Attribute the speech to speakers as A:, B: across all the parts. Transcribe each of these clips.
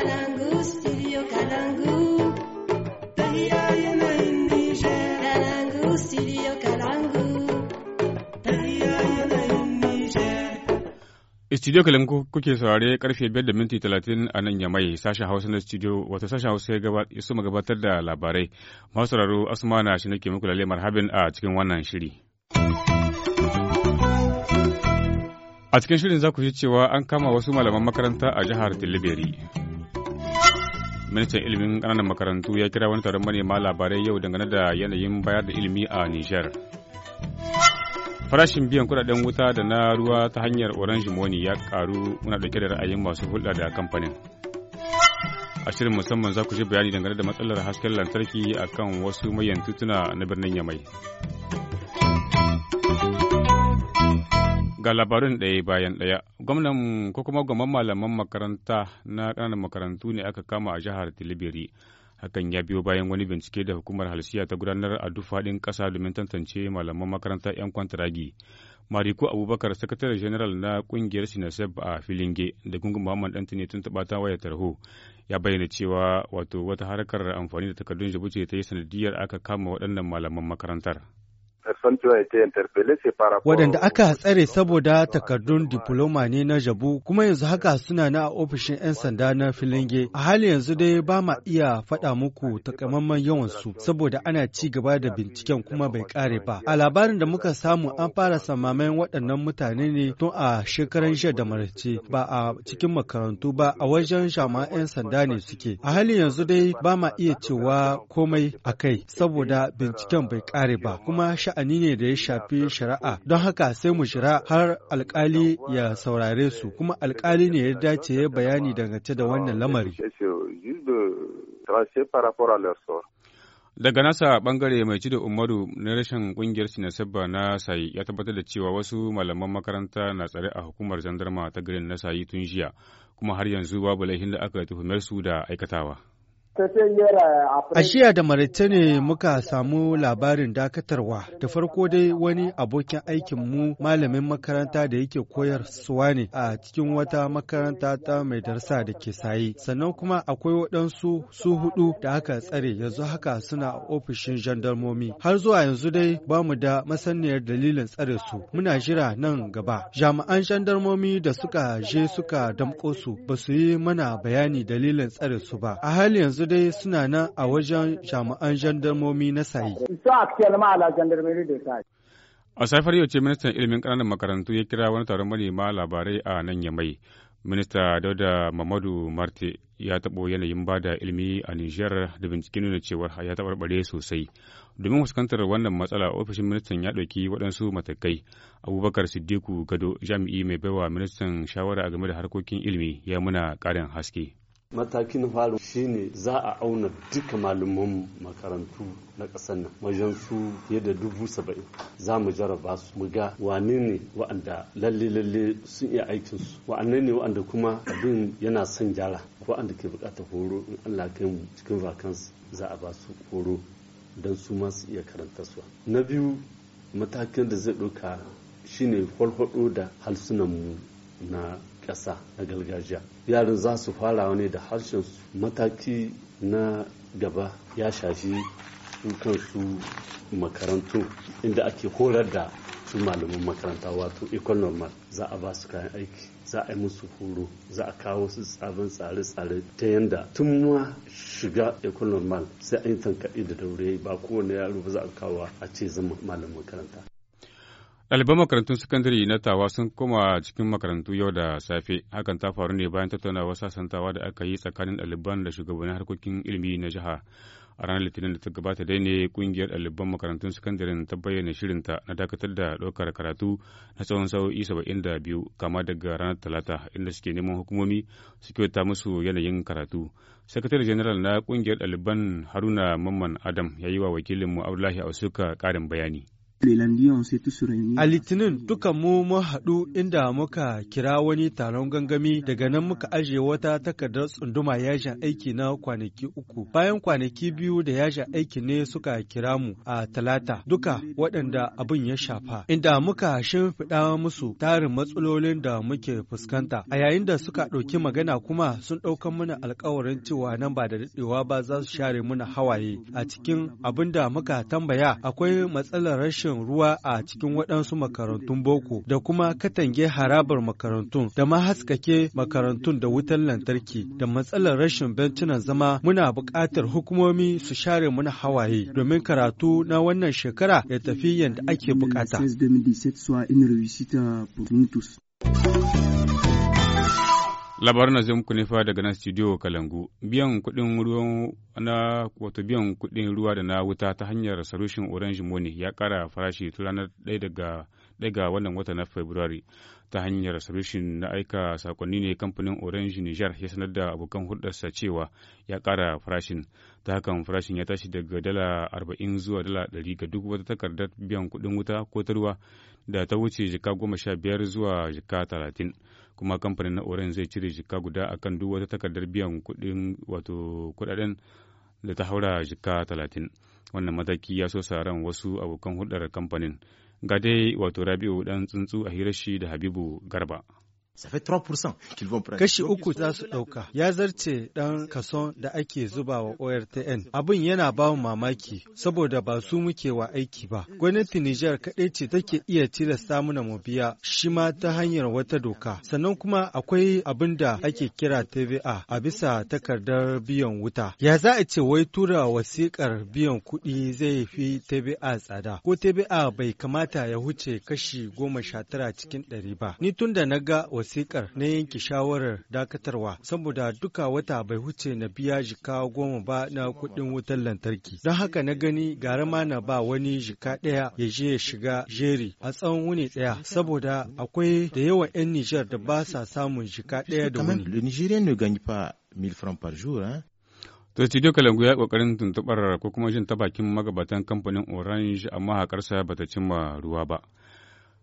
A: studio kalangu studio
B: studio kuke saurare karfe 5 da minti 30 a nan mai sashen hausa na studio wato sashen hausa ya suma gabatar da labarai masu sauraro asmana shi nake muku lalle marhabin a cikin wannan shiri. A cikin shirin za ku ji cewa an kama wasu malaman makaranta a jihar Tilibiri. ministan ilimin ƙananan makarantu ya kira wani taron manema labarai yau dangane da yanayin bayar da ilimi a nijar farashin biyan kudaden wuta da na ruwa ta hanyar orange money ya karu muna dauke da ra'ayin masu hulɗa da kamfanin a shirin musamman za ku ji bayani dangane da matsalar hasken lantarki akan wasu mayan tituna na birnin yamai Ga labarin ɗaya bayan ɗaya, gwamnan ko kuma gwamnan malaman makaranta na ƙananan makarantu ne aka kama a jihar Tilibiri. Hakan ya biyo bayan wani bincike da hukumar halsiya ta gudanar a duk ƙasa domin tantance malaman makaranta 'yan kwantaragi. Mariko Abubakar, sakataren general na ƙungiyar Sinaseb a Filinge da gungun Muhammad ne tun taɓa ta waya tarho ya bayyana cewa wato wata harkar amfani da takardun jibuce ta yi sanadiyar aka kama waɗannan malaman makarantar.
A: Waɗanda aka tsare saboda takardun diploma ne na jabu kuma yanzu haka suna na a ofishin 'yan sanda na filinge. A hali yanzu dai ba ma iya faɗa muku takamaiman su saboda ana ci gaba da binciken kuma bai kare ba. A labarin da muka samu an fara samamen waɗannan mutane ne tun a shekaran jiya da marace ba a cikin makarantu ba a wajen shama 'yan sanda ne suke. A hali yanzu dai ba ma iya cewa komai a kai saboda binciken bai kare ba kuma sha sha'ani ne da ya shafi shari'a don haka sai mu shira har uh, alkali ya uh, saurare su kuma alkali ne ya dace ya bayani dangance da wannan lamari.
B: Daga nasa bangare mai ci da umaru na rashin kungiyar Sinasabba na sayi ya tabbatar da cewa wasu malaman makaranta na tsare a hukumar zandarma ta garin na sayi tun jiya kuma har yanzu babu laihin da aka su da aikatawa. A
A: shiya da ne muka samu labarin dakatarwa, da farko dai wani abokin aikinmu malamin makaranta da yake koyar suwa ne a cikin wata makaranta ta mai darsa da ke saye. Sannan kuma akwai waɗansu su hudu da aka tsare yanzu haka suna a ofishin jandarmomi. Har zuwa yanzu dai ba mu da masaniyar dalilin tsare su, muna jira nan gaba. Jami'an jandarmomi da suka je suka damƙo su ba su yi mana bayani dalilin tsare su ba. A hali yanzu dai suna nan a wajen jami'an jandarmomi na sayi.
B: A safar yau ce ministan ilimin ƙananan makarantu ya kira wani taron manema labarai a nan Yamai. Minista Dauda Mamadu Marte ya taɓo yanayin ba da ilimi a Nijar da binciken nuna cewa ya taɓarɓare sosai. Domin fuskantar wannan matsala, ofishin ministan ya ɗauki waɗansu matakai. Abubakar Siddiku Gado, jami'i mai baiwa ministan shawara game da harkokin ilimi, ya muna ƙarin haske.
C: matakin farin shine za a auna duka malaman makarantu na ƙasar nan wajen su fiye da dubu saba'in za mu jaraba su mu ga wane ne wa'anda lalle lalle sun iya aikin su wa'anne ne wa'anda kuma abin yana son gyara ko wa'anda ke buƙatar horo in Allah kai mu cikin vakansu za a ba su horo don su ma iya karanta su na biyu matakin da zai ɗauka shine farfaɗo da halsunanmu na ƙasa na gargajiya yaran za su fara ne da harshen mataki na gaba ya shashi su makarantu inda ake horar da su malaman makaranta wato ecole normal za a ba su kayan aiki za a yi musu horo za a kawo su tsabin tsare-tsare ta yanda tun ma shiga ecole normal sai an yi tankaɗe da daure ba kowane yaro ba za a kawo a ce zama malamin makaranta
B: Ɗaliban makarantun sakandare na tawa sun koma cikin makarantu yau da safe. Hakan ta faru ne bayan tattaunawar sasantawa da aka yi tsakanin ɗaliban da shugabannin harkokin ilimi na jiha. A ranar Litinin da ta gabata dai ne kungiyar ɗaliban makarantun sakandaren ta bayyana shirinta na dakatar da ɗaukar karatu na tsawon sa'o'i saba'in da biyu kama daga ranar Talata inda suke neman hukumomi su kyauta musu yanayin karatu. Sakatare General na kungiyar ɗaliban Haruna Mamman Adam ya yi wa wakilinmu Abdullahi Ausuka ƙarin bayani. A
A: Litinin duka mu mun haɗu inda muka kira wani taron gangami daga nan muka ajiye wata takardar tsunduma yajin aiki na kwanaki uku. Bayan kwanaki biyu da yajin aiki ne suka kira mu a talata duka waɗanda abin ya shafa. Inda muka shimfiɗa musu tarin matsalolin da muke fuskanta. A yayin da suka ɗauki magana kuma sun ɗaukan mana alkawarin cewa nan ba da daɗewa ba za su share mana hawaye. A cikin abin da muka tambaya akwai matsalar rashin rashin ruwa a cikin waɗansu makarantun boko da kuma katange harabar makarantun da ma haskake makarantun da wutar lantarki da matsalar rashin bencinan zama muna buƙatar hukumomi su share muna hawaye domin karatu na wannan shekara ya tafi yadda ake buƙata.
B: labarin na zai muku nufa daga nan studio kalangu biyan kudin ruwan na wato biyan kuɗin ruwa da na wuta ta hanyar solution orange money ya kara farashi tun ranar daga daga wannan wata na february ta hanyar solution na aika sakonni ne kamfanin orange niger ya sanar da abokan hulɗarsa cewa ya kara farashin ta hakan farashin ya tashi daga dala arba'in zuwa dala ɗari ga duk wata takardar biyan kuɗin wuta ko ta ruwa da ta wuce jika goma sha biyar zuwa jika talatin kuma kamfanin na orange zai cire jika guda akan duk wata takardar biyan kuɗin wato da ta haura jika talatin wannan mataki ya so saran wasu abokan hulɗar kamfanin ga dai wato rabi'u dan tsuntsu a hirar shi da habibu garba Kashi uku
A: za su ɗauka, ya zarce ɗan kason da ake zuba wa ORTN. Abin yana ba mamaki, saboda ba su muke wa aiki ba. Gwamnati Nijar kaɗai ce take iya tilasta muna mu biya, shi ma ta hanyar wata doka. Sannan kuma akwai abin da ake kira TVA a bisa takardar biyan wuta. Ya za a ce wai tura wasikar biyan kuɗi zai fi TVA tsada, ko TVA bai kamata ya huce kashi goma sha tara cikin ɗari ba. Ni tun da na ga wasikar na yanke shawarar dakatarwa saboda duka wata bai huce na biya jika goma ba na kuɗin wutar lantarki. Don haka na gani gara ma na ba wani jika daya ya je ya shiga jeri a tsawon wuni ɗaya saboda akwai da yawan 'yan Nijar da ba sa samun jika ɗaya da wuni.
B: to duka lagu ya kokarin tuntubar ko kuma jin ta bakin magabatan kamfanin orange amma hakarsa bata cimma ruwa ba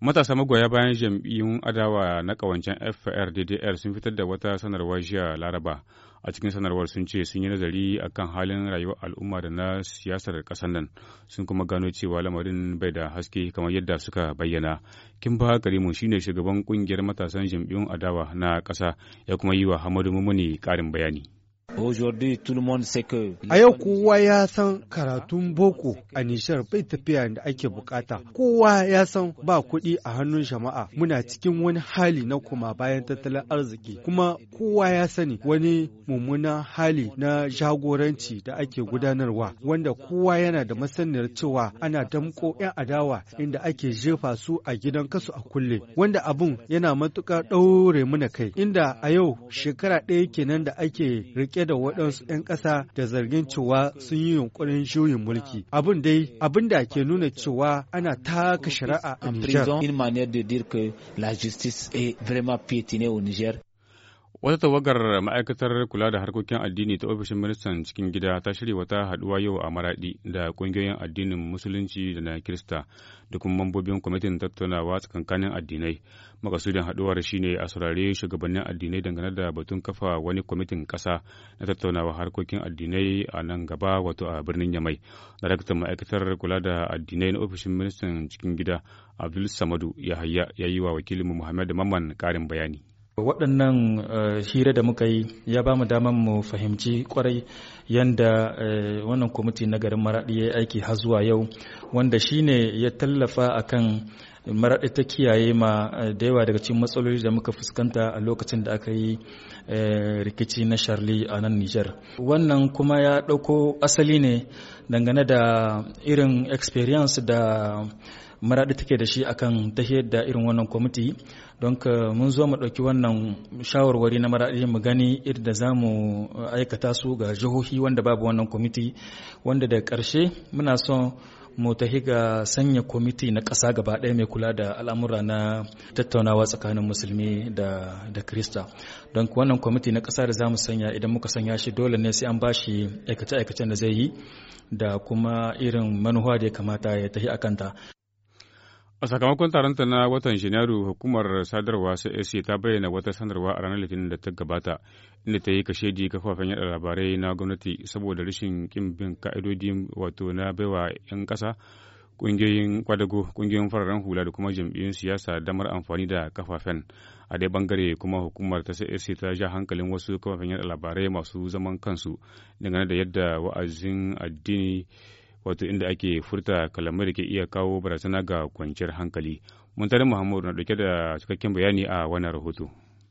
B: Matasa magoya bayan jam'iyyun adawa na kawancen FRDDR sun fitar da wata sanarwa jiya Laraba. A cikin sanarwar sun ce sun yi nazari a kan halin rayuwar al'umma da na siyasar ƙasar nan, sun kuma gano cewa lamarin bai da haske kamar yadda suka bayyana. Kimba Karimu shine shugaban ƙungiyar matasan jam'iyyun adawa na ƙasa ya kuma yi wa Hamadu Mumuni ƙarin bayani.
A: A yau kowa ya san karatun boko a Nishar bai tafiya da ake bukata. Kowa ya san ba kuɗi a hannun jama'a muna cikin wani hali na kuma bayan tattalin arziki. Kuma kowa ya sani wani mummunan hali na jagoranci da ake gudanarwa wanda kowa yana da masaniyar cewa ana damko 'yan adawa inda ake jefa su a gidan kasu a kulle. Wanda abun yana matuƙar ɗaure mana kai inda a yau shekara ɗaya kenan da ake rike da waɗansu 'yan ƙasa da zargin cewa sun yi yunkurin juyin mulki. Abin dai abin da ke nuna cewa ana taka shari'a a Nijar.
B: Wata tawagar ma'aikatar kula da harkokin addini ta ofishin ministan cikin gida ta shirya wata haɗuwa yau a maraɗi da ƙungiyoyin addinin musulunci da na kirista da kuma mambobin kwamitin tattaunawa tsakankanin addinai. Makasudin haɗuwar shine a saurare shugabannin addinai dangane da batun kafa wani kwamitin ƙasa na tattaunawa harkokin addinai a nan gaba wato a birnin Yamai. Daraktan ma'aikatar kula da addinai na ofishin ministan cikin gida Abdul Samadu Yahaya ya yi wa wakilinmu Muhammad mamman karin bayani.
D: waɗannan eh, hira da muka yi ya ba mu damar mu fahimci kwarai yadda eh, wannan kwamiti na garin maraɗi ya yi aiki har zuwa yau wanda shi ne ya tallafa a kan maraɗi ta kiyaye ma eh, da yawa daga cikin matsaloli da muka fuskanta a lokacin da aka yi rikici na sharli a nan nijar wannan kuma ya ɗauko asali ne dangane da irin experience da maraɗi take da shi akan tahiyar da irin wannan kwamiti don mun zo mu ɗauki wannan shawarwari na maradi mu gani irin da za mu uh, aikata su ga jihohi wanda babu wannan kwamiti wanda da ƙarshe muna son mu tahi ga sanya kwamiti na ƙasa gaba ɗaya mai kula da al'amura na tattaunawa tsakanin musulmi da da krista don wannan kwamiti na ƙasa da za mu sanya idan muka sanya shi dole ne sai an ba shi aikace-aikacen da zai yi da kuma irin manuwa da ya kamata ya tahi akanta
B: A sakamakon taronta na watan Janairu hukumar sadarwa CAC ta bayyana wata sanarwa a ranar Litinin da ta gabata inda ta yi kashedi kafafen yada labarai na gwamnati saboda rashin kin bin ka'idodi wato na baiwa 'yan ƙasa ƙungiyoyin kwadago ƙungiyoyin fararen hula da kuma jam'iyyun siyasa damar amfani da kafafen a dai bangare kuma hukumar ta sai ta ja hankalin wasu kafafen yada labarai masu zaman kansu dangane da yadda wa'azin addini wato inda ake furta kalamai da ke iya kawo barasana ga kwanciyar hankali. muntarin Muhammadu na ɗauke da cikakken bayani a wannan rahoto.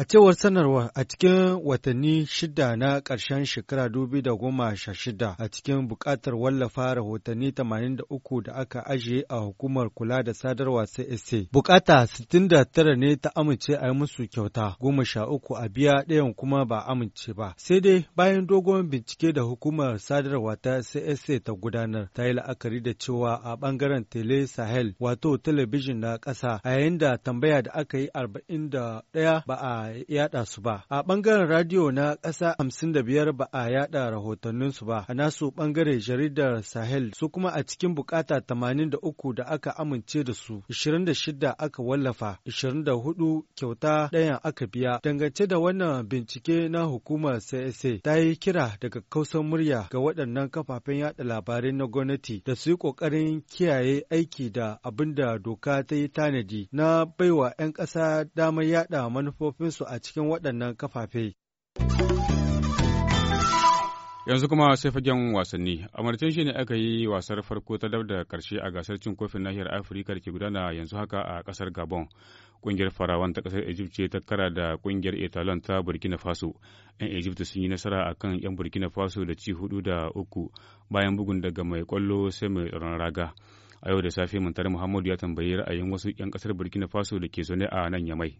A: A cewar sanarwa a cikin watanni shida na ƙarshen shekara dubi da goma sha shida a cikin buƙatar wallafa rahotanni tamanin da uku da aka ajiye a hukumar kula da sadarwa CSA. Buƙata sittin da tara ne ta amince a yi musu kyauta goma sha uku a biya ɗayan kuma ba amince ba. Sai dai bayan dogon bincike da hukumar sadarwa ta CSA ta gudanar ta yi la'akari da cewa a ɓangaren Tele Sahel wato talabijin na ƙasa a yayin da tambaya da aka yi arba'in da ɗaya ba a a yada su ba. A ɓangaren radiyo na ƙasa hamsin da biyar ba a yada rahotannin ba, a nasu ɓangare jaridar Sahel su kuma a cikin bukata tamanin da uku da aka amince da su, ishirin da shida aka wallafa, ishirin da hudu kyauta ɗaya aka biya. Dangance da wannan bincike na hukumar CSA ta yi kira daga kausan murya ga waɗannan kafafen yada labarai na gwamnati da su yi ƙoƙarin kiyaye aiki da abin da doka ta yi tanadi na baiwa 'yan ƙasa damar yada manufofinsu su a cikin waɗannan kafafe.
B: yanzu kuma sai fagen wasanni a shi ne aka yi wasar farko ta dab da karshe a gasar cin kofin nahiyar afirka da ke gudana yanzu haka a kasar gabon ƙungiyar farawan ta kasar egypt ce ta kara da ƙungiyar italan ta burkina faso yan egypt sun yi nasara a kan yan burkina faso da ci hudu da uku bayan bugun daga mai ƙwallo sai mai tsaron raga a yau da safe muntar muhammadu ya tambayi ra'ayin wasu yan kasar burkina faso da ke zaune a nan yamai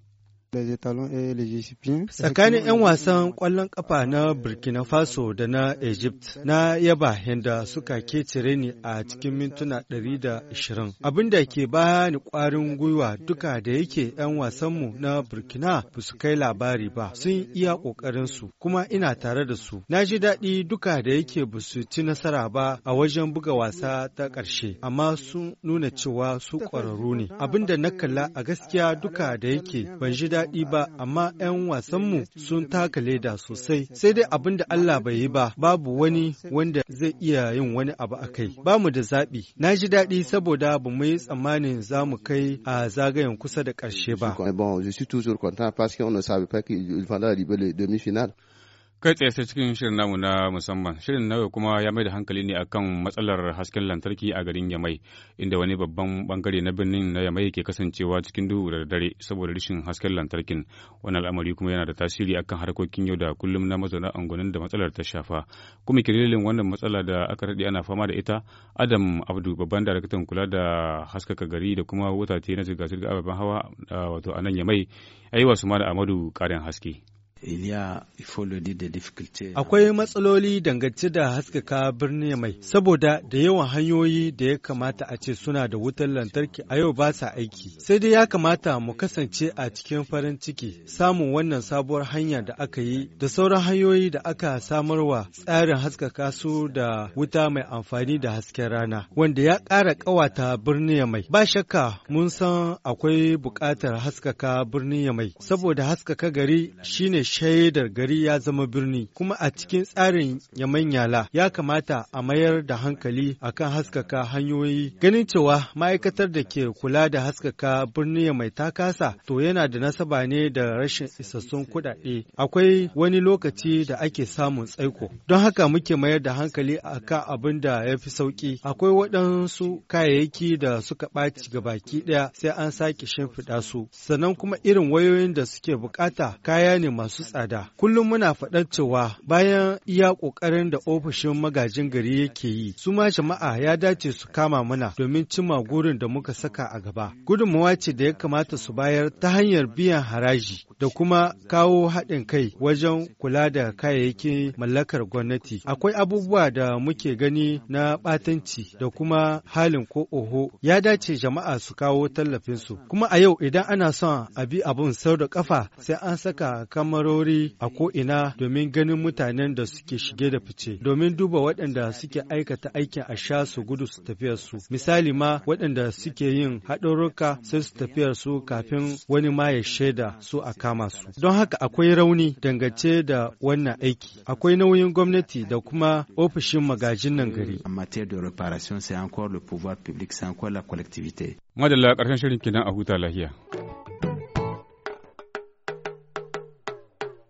B: Tsakanin 'yan
A: wasan ƙwallon ƙafa na Burkina Faso da na Egypt na yaba yadda suka kecire ni a cikin mintuna 120. Abin da ke ba ni ƙwarin gwiwa duka da yake 'yan wasanmu na Burkina ba su kai labari ba sun iya ƙoƙarinsu kuma ina tare da su. Na ji daɗi duka da yake ba su ci nasara ba a wajen buga wasa ta ƙarshe amma sun nuna cewa su ƙwararru ne. Abin na kalla a gaskiya duka da yake ban ji daɗi daɗi ba, amma 'yan wasanmu sun taka leda sosai. Sai dai abin da Allah bai yi ba, babu wani wanda zai iya yin wani abu a kai. Ba mu da zaɓi. Na ji daɗi saboda ba mu yi tsammanin za mu kai a
C: zagayen kusa da ƙarshe ba.
B: Kai tsaye sai cikin shirin namu na musamman. Shirin na kuma ya mai da hankali ne akan matsalar hasken lantarki a garin Yamai, inda wani babban bangare na birnin na Yamai ke kasancewa cikin duhu da dare saboda rashin hasken lantarkin. Wannan al'amari kuma yana da tasiri akan harkokin yau da kullum na mazauna angonin da matsalar ta shafa. Kuma kirilin wannan matsala da aka daɗe ana fama da ita, Adam Abdu babban daraktan kula da haskaka gari da kuma wutate na zirga-zirga ababen hawa wato a nan Yamai, ayi wasu da Amadu ƙarin haske.
A: Akwai matsaloli dangance da haskaka birni mai, saboda da yawan hanyoyi da ya kamata a ce suna da wutar lantarki a yau ba sa aiki. Sai dai ya kamata mu kasance a cikin farin ciki samun wannan sabuwar hanya da aka yi da sauran hanyoyi da aka samarwa tsarin haskaka su da wuta mai amfani da hasken rana, wanda ya ƙara ƙawata birni mai. Ba shakka mun san akwai buƙatar haskaka birni mai, saboda haskaka gari shine shaidar gari ya zama birni kuma a cikin tsarin ya manyala ya kamata a mayar da hankali akan haskaka hanyoyi ganin cewa ma'aikatar da ke kula da haskaka birni ya mai takasa to yana da nasaba ne da rashin isassun kuɗaɗe akwai wani lokaci da ake samun tsaiko don haka muke mayar da hankali akan abin da ya fi sauƙi akwai waɗansu kayayyaki da suka ɓaci ga baki ɗaya sai an sake shimfiɗa su sannan kuma irin wayoyin da suke bukata kaya ne masu masu tsada. Kullum muna faɗar cewa bayan iya ƙoƙarin da ofishin magajin gari yake yi, su ma jama'a ya dace su kama mana domin cimma gurin da muka saka a gaba. Gudunmawa ce da ya kamata su bayar ta hanyar biyan haraji da kuma kawo haɗin kai wajen kula da kayayyakin mallakar gwamnati. Akwai abubuwa da muke gani na ɓatanci da kuma halin ko oho ya dace jama'a su kawo tallafinsu. Kuma a yau idan ana son a bi abun sau da ƙafa sai an saka kamar barori a ko'ina domin ganin mutanen da suke shige da fice, domin duba waɗanda suke aikata aikin a sha su gudu su tafiyar su Misali ma waɗanda suke yin haɗarurruka sai su tafiyar su kafin wani ma ya shaida su a kama su. Don haka akwai rauni dangance da wannan aiki. Akwai nauyin gwamnati da kuma ofishin magajin nan gari.
B: Madalla ƙarshen shirin kenan a huta lahiya.